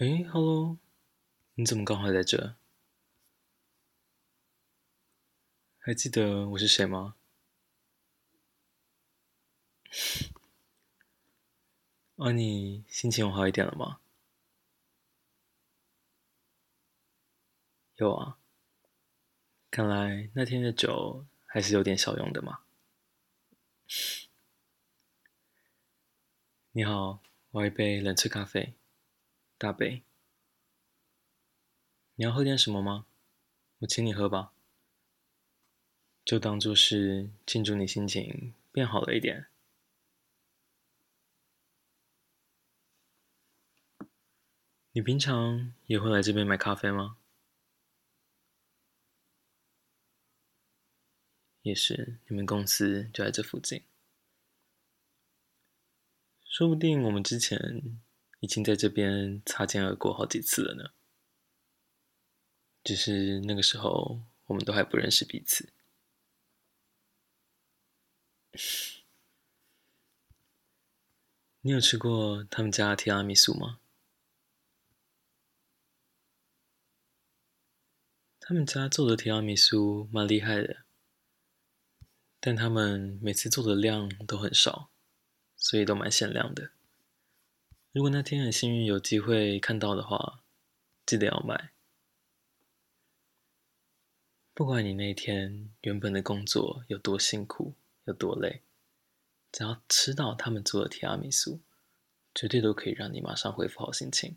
哎、欸、Hello，你怎麼剛好在這？還記得我是誰嗎？啊、哦，你心情有好一點了嗎？有啊，看來那天的酒還是有點小用的嘛。你好，我要一杯冷萃咖啡。大杯，你要喝點什麼嗎？我請你喝吧，就當做是慶祝你心情變好了一點。你平常也會來這邊買咖啡嗎？也是，你們公司就在這附近，說不定我們之前。已經在這邊擦肩而過好幾次了呢，只是那個時候我們都還不認識彼此。你有吃過他們家的提拉米蘇嗎？他們家做的提拉米蘇蠻厲害的，但他們每次做的量都很少，所以都蠻限量的。如果那天很幸運有機會看到的話，記得要買。不管你那天原本的工作有多辛苦、有多累，只要吃到他們做的提拉米蘇，絕對都可以讓你馬上恢復好心情。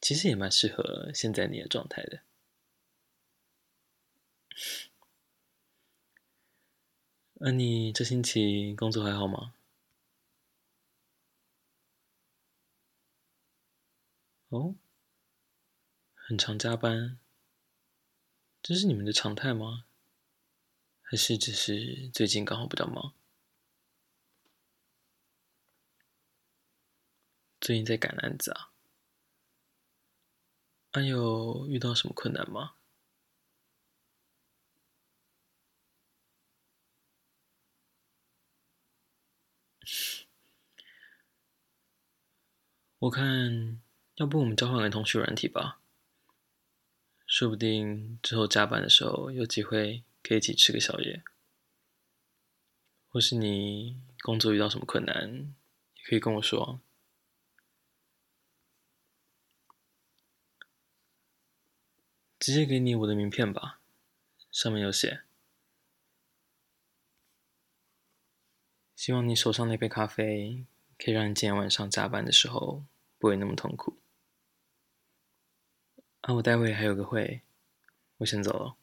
其實也蠻適合現在你的狀態的。那你這星期工作還好嗎？哦，很常加班，這是你們的常態嗎？還是只是最近剛好比較忙？最近在趕案子啊？哎、啊、有遇到什麼困難嗎？我看。要不我們交換個通訊軟體吧，說不定之後加班的時候有機會可以一起吃個宵夜，或是你工作遇到什麼困難，也可以跟我說。直接給你我的名片吧，上面有寫。希望你手上那杯咖啡可以讓你今天晚上加班的時候不會那麼痛苦。啊，我待會還有個會，我先走了。